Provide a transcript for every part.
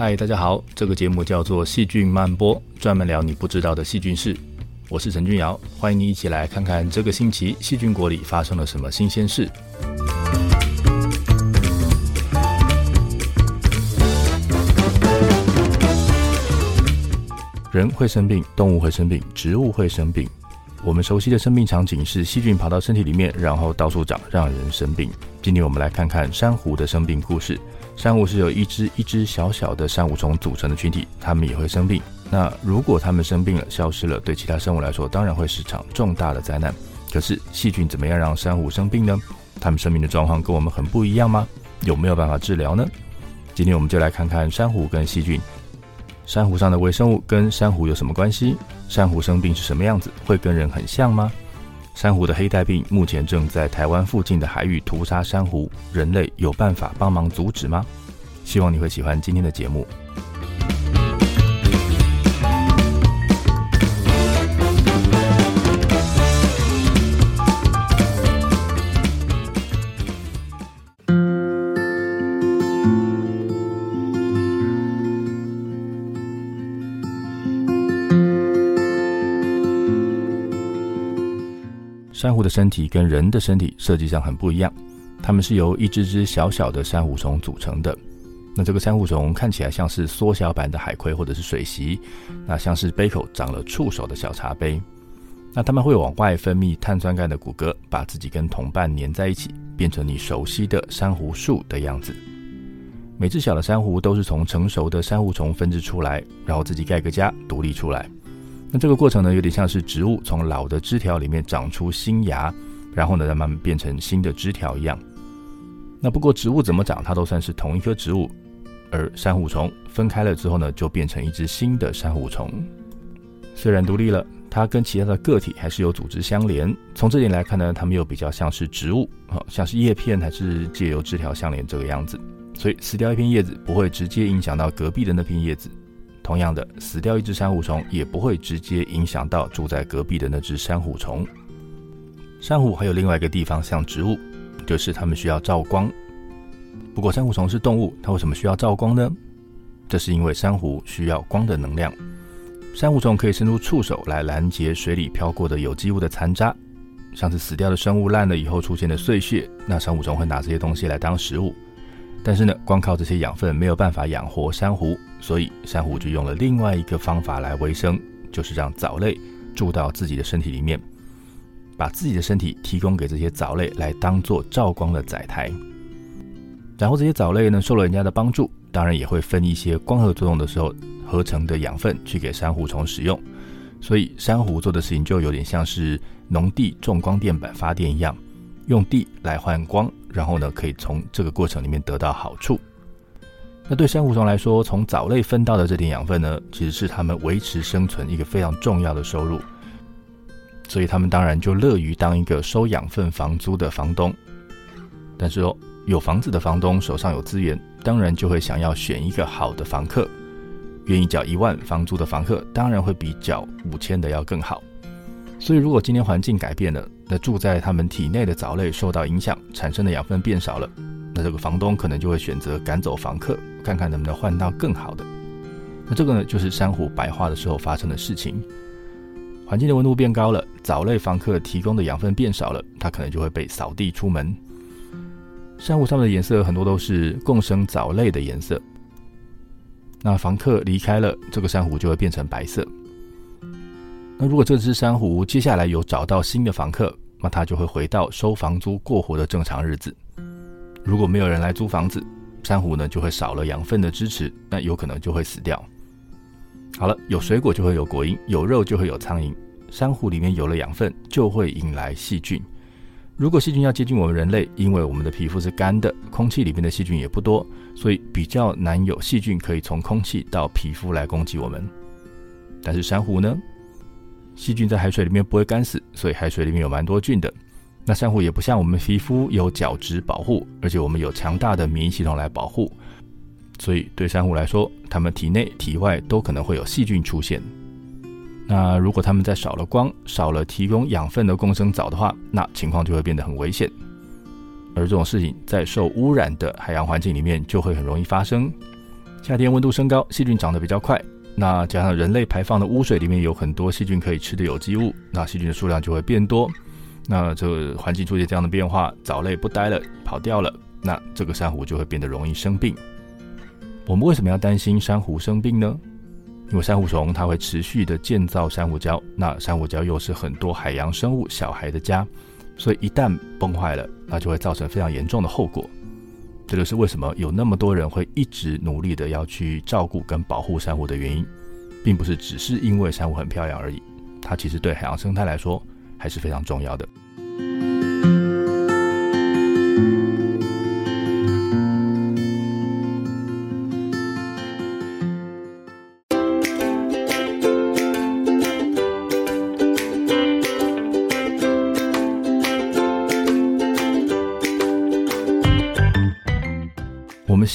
嗨，大家好！這個節目叫做《細菌曼波》，專門聊你不知道的細菌事。我是陳俊堯，歡迎你一起來看看這個星期細菌國裡發生了什麼新鮮事。人會生病，動物會生病，植物會生病。我們熟悉的生病場景是細菌跑到身體裡面，然後到處長，讓人生病。今天我們來看看珊瑚的生病故事。珊瑚是由一隻一隻小小的珊瑚蟲組成的群體，它們也會生病。那如果它們生病了，消失了，對其他生物來說，當然會是場重大的災難。可是細菌怎麼樣讓珊瑚生病呢？它們生病的狀況跟我們很不一樣嗎？有沒有辦法治療呢？今天我們就來看看珊瑚跟細菌，珊瑚上的微生物跟珊瑚有什麼關係？珊瑚生病是什麼樣子？會跟人很像嗎？珊瑚的黑帶病目前正在台灣附近的海域屠殺珊瑚，人類有辦法幫忙阻止嗎？希望你會喜歡今天的節目。珊瑚的身體跟人的身體設計上很不一樣，它們是由一只只小小的珊瑚蟲組成的。那這個珊瑚蟲看起來像是縮小版的海葵或者是水螅，那像是杯口長了觸手的小茶杯。那它們會往外分泌碳酸鈣的骨骼，把自己跟同伴粘在一起，變成你熟悉的珊瑚樹的樣子。每只小的珊瑚都是從成熟的珊瑚蟲分支出來，然後自己蓋個家，獨立出來。那這個過程呢，有點像是植物從老的枝條裡面長出新芽，然後呢再慢慢變成新的枝條一樣。那不過植物怎麼長，它都算是同一棵植物。而珊瑚蟲分開了之後呢，就變成一隻新的珊瑚蟲，雖然獨立了，它跟其他的個體還是有組織相連。從這點來看呢，它們又比較像是植物啊，像是葉片還是借由枝條相連這個樣子。所以死掉一片葉子，不會直接影響到隔壁的那片葉子。同樣的，死掉一隻珊瑚蟲也不會直接影響到住在隔壁的那隻珊瑚蟲。珊瑚還有另外一個地方像植物，就是它們需要照光。不過珊瑚蟲是動物，它為什麼需要照光呢？這是因為珊瑚需要光的能量。珊瑚蟲可以伸出觸手來攔截水裡飄過的有機物的殘渣，像是死掉的生物爛了以後出現的碎屑，那珊瑚蟲會拿這些東西來當食物。但是呢，光靠這些養分沒有辦法養活珊瑚，所以珊瑚就用了另外一個方法來維生，就是讓藻類住到自己的身體裡面，把自己的身體提供給這些藻類來當作照光的載台。然後這些藻類呢，受了人家的幫助，當然也會分一些光合作用的時候合成的養分去給珊瑚蟲使用。所以珊瑚做的事情就有點像是農地種光電板發電一樣。用地來換光，然後呢，可以從這個過程裡面得到好處。那對珊瑚蟲來說，從藻類分到的這點養分呢，其實是他們維持生存一個非常重要的收入。所以他們當然就樂於當一個收養分房租的房東。但是哦，有房子的房東手上有資源，當然就會想要選一個好的房客，願意繳一萬房租的房客，當然會比繳五千的要更好。所以如果今天環境改變了，那住在他們體內的藻類受到影響，產生的養分變少了，那這個房東可能就會選擇趕走房客，看看能不能換到更好的。那這個呢，就是珊瑚白化的時候發生的事情。環境的溫度變高了，藻類房客提供的養分變少了，它可能就會被掃地出門。珊瑚上面的顏色很多都是共生藻類的顏色。那房客離開了，這個珊瑚就會變成白色。那如果這隻珊瑚接下來有找到新的房客，那它就會回到收房租過活的正常日子。如果沒有人來租房子，珊瑚呢就會少了養分的支持，那有可能就會死掉。好了，有水果就會有果蠅，有肉就會有蒼蠅。珊瑚裡面有了養分，就會引來細菌。如果細菌要接近我們人類，因為我們的皮膚是乾的，空氣裡面的細菌也不多，所以比較難有細菌可以從空氣到皮膚來攻擊我們。但是珊瑚呢？細菌在海水裡面不會乾死，所以海水裡面有蠻多菌的。那珊瑚也不像我們皮膚有角質保護，而且我們有強大的免疫系統來保護，所以對珊瑚來說，它們體內體外都可能會有細菌出現。那如果它們在少了光、少了提供養分的共生藻的話，那情況就會變得很危險。而這種事情在受污染的海洋環境裡面就會很容易發生。夏天溫度升高，細菌長得比較快。那加上人類排放的污水裡面有很多細菌可以吃的有機物，那細菌的數量就會變多。那這環境出現這樣的變化，藻類不待了，跑掉了，那這個珊瑚就會變得容易生病。我們為什麼要擔心珊瑚生病呢？因為珊瑚蟲它會持續的建造珊瑚礁，那珊瑚礁又是很多海洋生物小孩的家，所以一旦崩壞了，那就會造成非常嚴重的後果。這就是為什麼有那麼多人會一直努力的要去照顧跟保護珊瑚的原因，並不是只是因為珊瑚很漂亮而已，它其實對海洋生態來說還是非常重要的。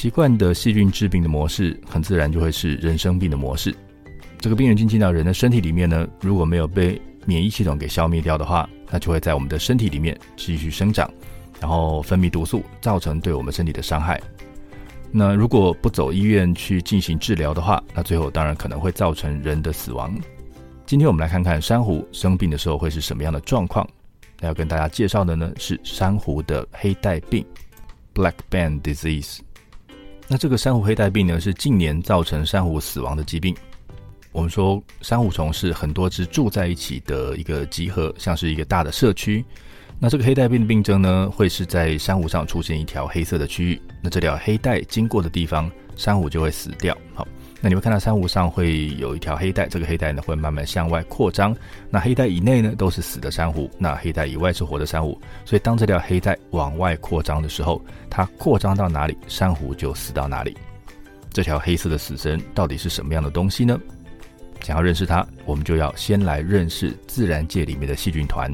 習慣的細菌致病的模式，很自然就會是人生病的模式。這個病原菌進到人的身體裡面呢，如果沒有被免疫系統給消滅掉的話，那就會在我們的身體裡面繼續生長，然後分泌毒素，造成對我們身體的傷害。那如果不走醫院去進行治療的話，那最後當然可能會造成人的死亡。今天我們來看看珊瑚生病的時候會是什麼樣的狀況。那要跟大家介紹的呢是珊瑚的黑帶病 （Black Band Disease）。那這個珊瑚黑帶病呢，是近年造成珊瑚死亡的疾病。我們說珊瑚蟲是很多只住在一起的一個集合，像是一個大的社區。那這個黑帶病的病症呢，會是在珊瑚上出現一條黑色的區域。那這條黑帶經過的地方，珊瑚就會死掉。好，那你會看到珊瑚上會有一條黑帶，這個黑帶呢會慢慢向外擴張。那黑帶以內呢都是死的珊瑚，那黑帶以外是活的珊瑚。所以當這條黑帶往外擴張的時候，它擴張到哪裡，珊瑚就死到哪裡。這條黑色的死神到底是什麼樣的東西呢？想要認識它，我們就要先來認識自然界裡面的細菌團。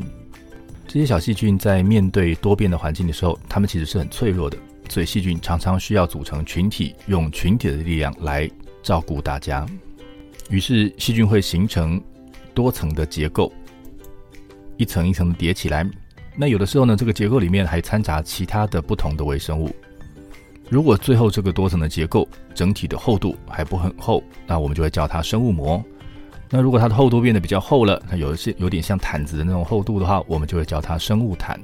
這些小細菌在面對多變的環境的時候，它們其實是很脆弱的，所以細菌常常需要組成群體，用群體的力量來照顧大家。於是細菌會形成多層的結構，一層一層的疊起來。那有的時候呢，這個結構裡面還摻雜其他的不同的微生物。如果最後這個多層的結構整體的厚度還不很厚，那我們就會叫它生物膜。那如果它的厚度變得比較厚了，它有一些有點像毯子的那種厚度的話，我們就會叫它生物毯。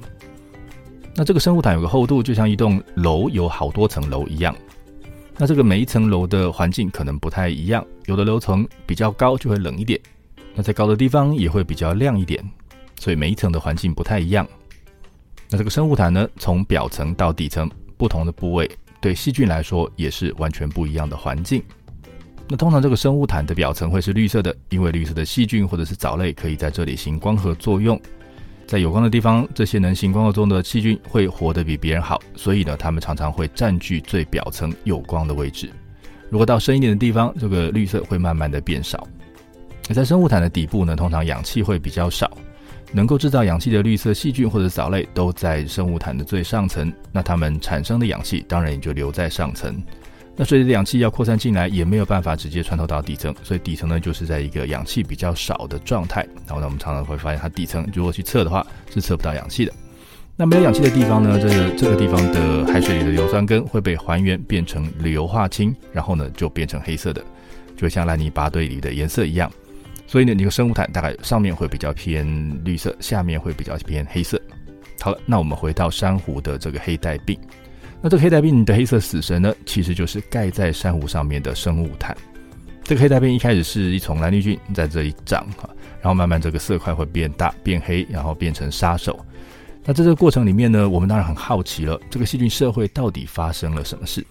那這個生物毯有個厚度，就像一棟樓有好多層樓一樣。那這個每一層樓的環境可能不太一樣，有的樓層比較高就會冷一點，那在高的地方也會比較亮一點，所以每一層的環境不太一樣。那這個生物毯呢，從表層到底層不同的部位，對細菌來說也是完全不一樣的環境。那通常這個生物毯的表層會是綠色的，因為綠色的細菌或者是藻類可以在這裡行光合作用，在有光的地方，這些能行光合作用的細菌會活得比別人好，所以呢，它們常常會佔據最表層有光的位置。如果到深一點的地方，這個綠色會慢慢的變少。在生物毯的底部呢，通常氧氣會比較少，能夠製造氧氣的綠色細菌或者藻類都在生物毯的最上層，那它們產生的氧氣當然也就留在上層。那隨着氧氣要擴散進來，也沒有辦法直接穿透到底層，所以底層呢就是在一個氧氣比較少的狀態。然後呢，我們常常會發現它底層如果去測的話，是測不到氧氣的。那沒有氧氣的地方呢，這這個地方的海水裡的硫酸根會被還原變成硫化氫，然後呢就變成黑色的，就像爛泥巴堆裡的顏色一樣。所以呢，你的生物毯大概上面會比較偏綠色，下面會比較偏黑色。好了，那我們回到珊瑚的這個黑帶病。那這個黑帶病的黑色死神呢，其實就是蓋在珊瑚上面的生物毯。這個黑帶病一開始是一叢藍綠菌在這裡長哈，然後慢慢這個色塊會變大變黑，然後變成殺手。那在這個過程裡面呢，我們當然很好奇了，這個細菌社會到底發生了什麼事？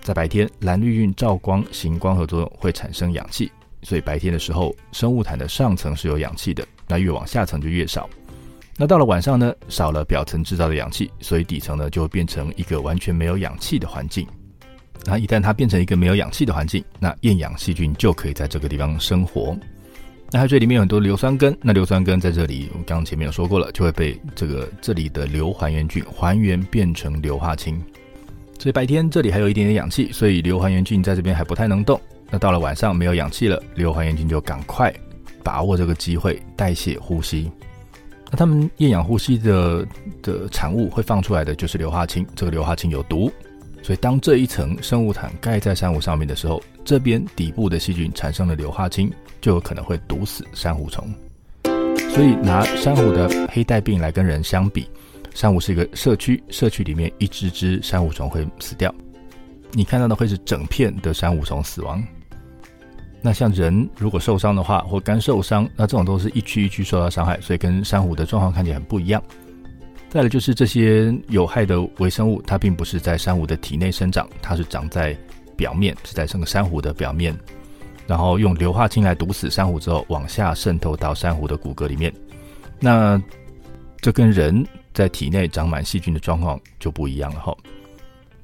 在白天，藍綠菌照光行光合作用會產生氧氣，所以白天的時候，生物毯的上層是有氧氣的，那越往下層就越少。那到了晚上呢，少了表層制造的氧氣，所以底層呢就會變成一個完全沒有氧氣的環境。那一旦它變成一個沒有氧氣的環境，那厭氧細菌就可以在這個地方生活。那它這裡面有很多硫酸根，那硫酸根在這裡，我剛剛前面有說過了，就會被這個這裡的硫還原菌還原變成硫化氫。所以白天這裡還有一點點氧氣，所以硫還原菌在這邊還不太能動。那到了晚上沒有氧氣了，硫還原菌就趕快把握這個機會代謝呼吸。那他們厭氧呼吸的的產物會放出來的就是硫化氫，這個硫化氫有毒，所以當這一層生物毯蓋在珊瑚上面的時候，這邊底部的細菌產生了硫化氫，就有可能會毒死珊瑚蟲。所以拿珊瑚的黑帶病來跟人相比，珊瑚是一個社區，社區裡面一隻隻珊瑚蟲會死掉，你看到的會是整片的珊瑚蟲死亡。那像人如果受傷的話，或肝受傷，那這種都是一區一區受到傷害，所以跟珊瑚的狀況看起來很不一樣。再來就是這些有害的微生物，它並不是在珊瑚的體內生長，它是長在表面，是在這個珊瑚的表面，然後用硫化氫來毒死珊瑚之後，往下滲透到珊瑚的骨骼裡面。那這跟人在體內長滿細菌的狀況就不一樣了吼。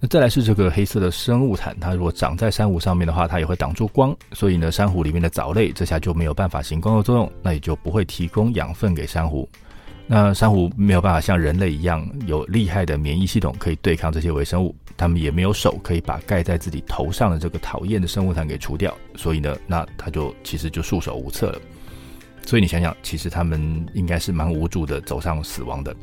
那再來是這個黑色的生物毯，它如果長在珊瑚上面的話，它也會擋住光，所以呢，珊瑚裡面的藻類這下就沒有辦法行光合作用，那也就不會提供養分給珊瑚。那珊瑚沒有辦法像人類一樣有厲害的免疫系統可以對抗這些微生物，他們也沒有手可以把蓋在自己頭上的這個討厭的生物毯給除掉，所以呢，那它就其實就束手無策了。所以你想想，其實他們應該是蠻無助的，走上死亡的。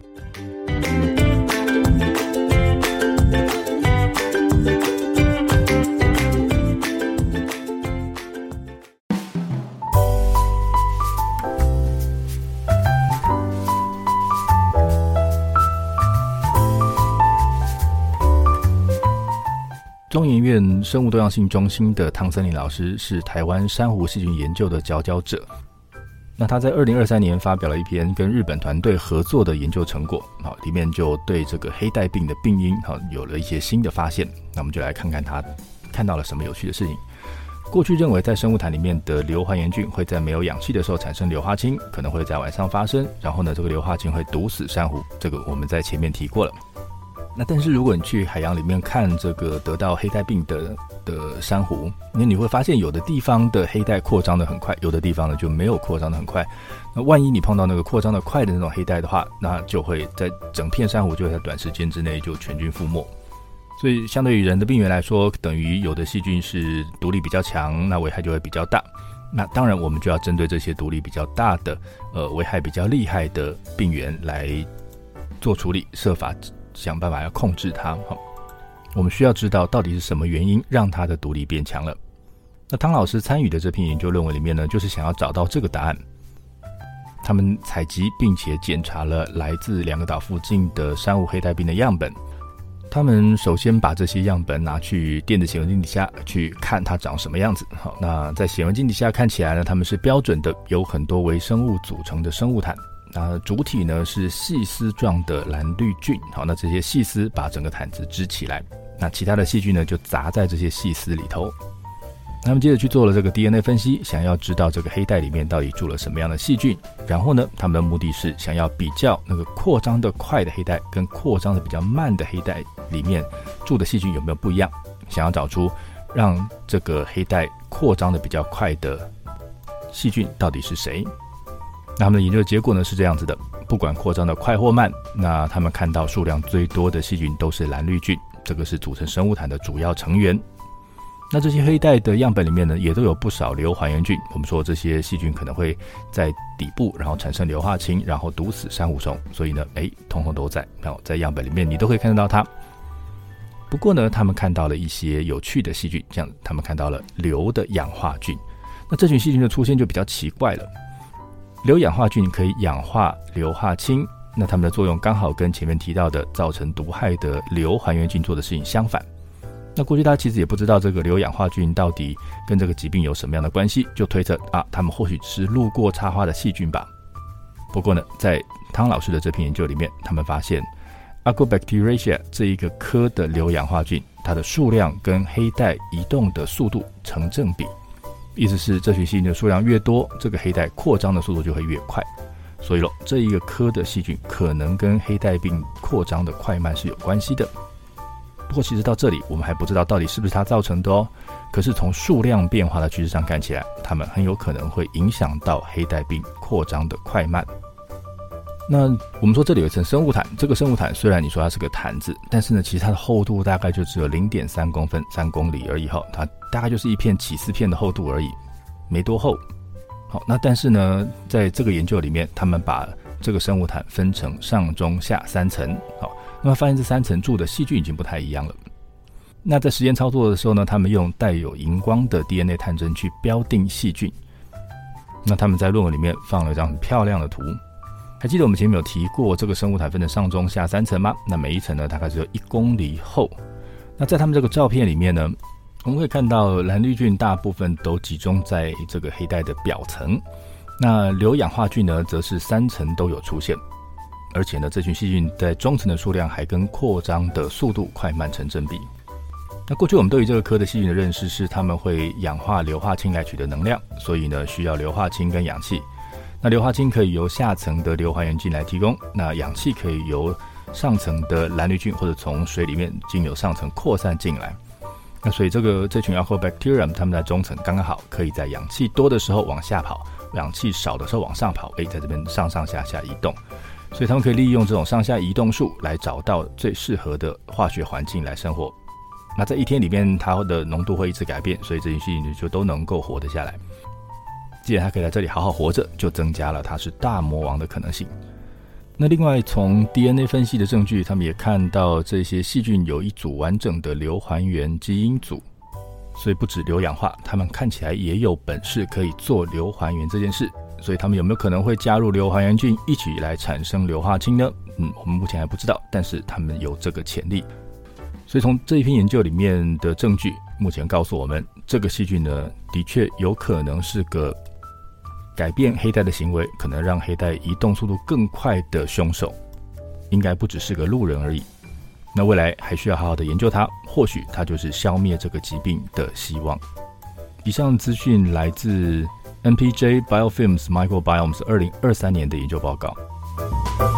中研院生物多樣性中心的湯森林老師是台灣珊瑚細菌研究的佼佼者。那他在二零二三年發表了一篇跟日本團隊合作的研究成果，好，裡面就對這個黑帶病的病因，好，有了一些新的發現。那我們就來看看他看到了什麼有趣的事情。過去認為在生物壇裡面的硫還原菌會在沒有氧氣的時候產生硫化氫，可能會在晚上發生，然後呢，這個硫化氫會毒死珊瑚。這個我們在前面提過了。那但是如果你去海洋裡面看這個得到黑帶病的的珊瑚，那你會發現有的地方的黑帶擴張得很快，有的地方呢就沒有擴張得很快。那萬一你碰到那個擴張得快的那種黑帶的話，那就會在整片珊瑚就會在短時間之內就全軍覆沒。所以相對於人的病原來說，等於有的細菌是毒力比較強，那危害就會比較大。那當然我們就要針對這些毒力比較大的、呃危害比較厲害的病原來做處理，設法。想辦法要控制它。好，我們需要知道到底是什麼原因讓它的獨立變強了。那湯老師參與的這篇研究論文裡面呢，就是想要找到這個答案。他們採集並且檢查了來自兩個島附近的珊瑚黑帶病的樣本。他們首先把這些樣本拿去電子顯微鏡底下去看它長什麼樣子。好，那在顯微鏡底下看起來呢，它們是標準的由很多微生物組成的生物毯。那主體呢，是細絲狀的藍綠菌，好，那這些細絲把整個毯子支起來，那其他的細菌呢，就砸在這些細絲裡頭。他們接着去做了這個 DNA 分析，想要知道這個黑帶裡面到底住了什麼樣的細菌。然後呢，他們的目的是想要比較那個擴張的快的黑帶跟擴張的比較慢的黑帶裡面住的細菌有沒有不一樣，想要找出讓這個黑帶擴張的比較快的細菌到底是誰。那麼，他們研究結果呢是這樣子的：不管擴張得快或慢，那他們看到數量最多的細菌都是藍綠菌，這個是組成生物毯的主要成員。那這些黑帶的樣本裡面呢，也都有不少硫還原菌。我們說這些細菌可能會在底部，然後產生硫化氫，然後毒死珊瑚蟲。所以呢，哎、欸，通通都在。然後在樣本裡面，你都可以看得到它。不過呢，他們看到了一些有趣的細菌，像他們看到了硫的氧化菌。那這群細菌的出現就比較奇怪了。硫氧化菌可以氧化硫化氫，那它們的作用剛好跟前面提到的造成毒害的硫還原菌做的事情相反。那過去大家其實也不知道這個硫氧化菌到底跟這個疾病有什麼樣的關係，就推測啊，他們或許是路過插花的細菌吧。不過呢，在湯老師的這篇研究裡面，他們發現 Arcobacteriaceae 這一個科的硫氧化菌，它的數量跟黑帶移動的速度成正比。意思是，這群細菌的數量越多，這個黑帶擴張的速度就會越快。所以咯，這一個科的細菌可能跟黑帶病擴張的快慢是有關係的。不過，其實到這裡我們還不知道到底是不是它造成的哦。可是從數量變化的趨勢上看起來，它們很有可能會影響到黑帶病擴張的快慢。那我們說這裡有一層生物毯，這個生物毯雖然你說它是個毯子，但是呢，其實它的厚度大概就只有零點三公分，三公釐而已哈，它大概就是一片起司片的厚度而已，沒多厚。好，那但是呢，在這個研究裡面，他們把這個生物毯分成上中下三層，好，那麼發現這三層住的細菌已經不太一樣了。那在實驗操作的時候呢，他們用帶有熒光的 DNA 探針去標定細菌。那他們在論文裡面放了一張很漂亮的圖。還記得我們前面有提過這個生物台分的上中下三層嗎？那每一層呢，大概只有一公里厚。那在他們這個照片裡面呢，我們會看到藍綠菌大部分都集中在這個黑帶的表層，那硫氧化菌呢，則是三層都有出現。而且呢，這群細菌在中層的數量還跟擴張的速度快慢成正比。那過去我們對於這個科的細菌的認識是，他們會氧化硫化氫來取得能量，所以呢，需要硫化氫跟氧氣。那硫化氫可以由下層的硫還原菌來提供，那氧氣可以由上層的藍綠菌或者從水裡面經由上層擴散進來。那所以這個這群 Alkalibacterium 它們在中層剛剛好，可以在氧氣多的時候往下跑，氧氣少的時候往上跑，哎，在這邊上上下下移動，所以它們可以利用這種上下移動術來找到最適合的化學環境來生活。那在一天裡面，它的濃度會一直改變，所以這些細菌就都能夠活得下來。既然他可以在這裡好好活着，就增加了他是大魔王的可能性。那另外，從 DNA 分析的證據，他們也看到這些細菌有一組完整的硫還原基因組，所以不止硫氧化，他們看起來也有本事可以做硫還原這件事。所以，他們有沒有可能會加入硫還原菌一起來產生硫化氫呢？嗯，我們目前還不知道，但是他們有這個潛力。所以，從這一篇研究裡面的證據，目前告訴我們，這個細菌呢，的確有可能是個。改變黑帶的行為，可能讓黑帶移動速度更快的凶手，應該不只是個路人而已。那未來還需要好好的研究它，或許它就是消滅這個疾病的希望。以上資訊來自 NPJ Biofilms Microbiomes 二零二三年的研究報告。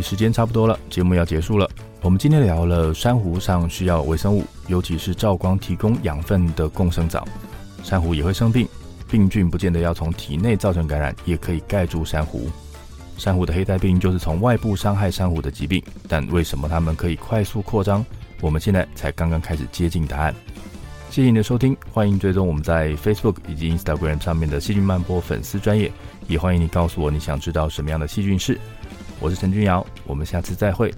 時間差不多了，節目要結束了。我們今天聊了珊瑚上需要微生物，尤其是照光提供養分的共生藻。珊瑚也會生病，病菌不見得要從體內造成感染，也可以蓋住珊瑚。珊瑚的黑帶病就是從外部傷害珊瑚的疾病。但為什麼它們可以快速擴張？我們現在才剛剛開始接近答案。謝謝你的收聽，歡迎追蹤我們在 Facebook 以及 Instagram 上面的細菌曼波粉絲專頁，也歡迎你告訴我你想知道什麼樣的細菌事。我是陳君瑤，我們下次再會。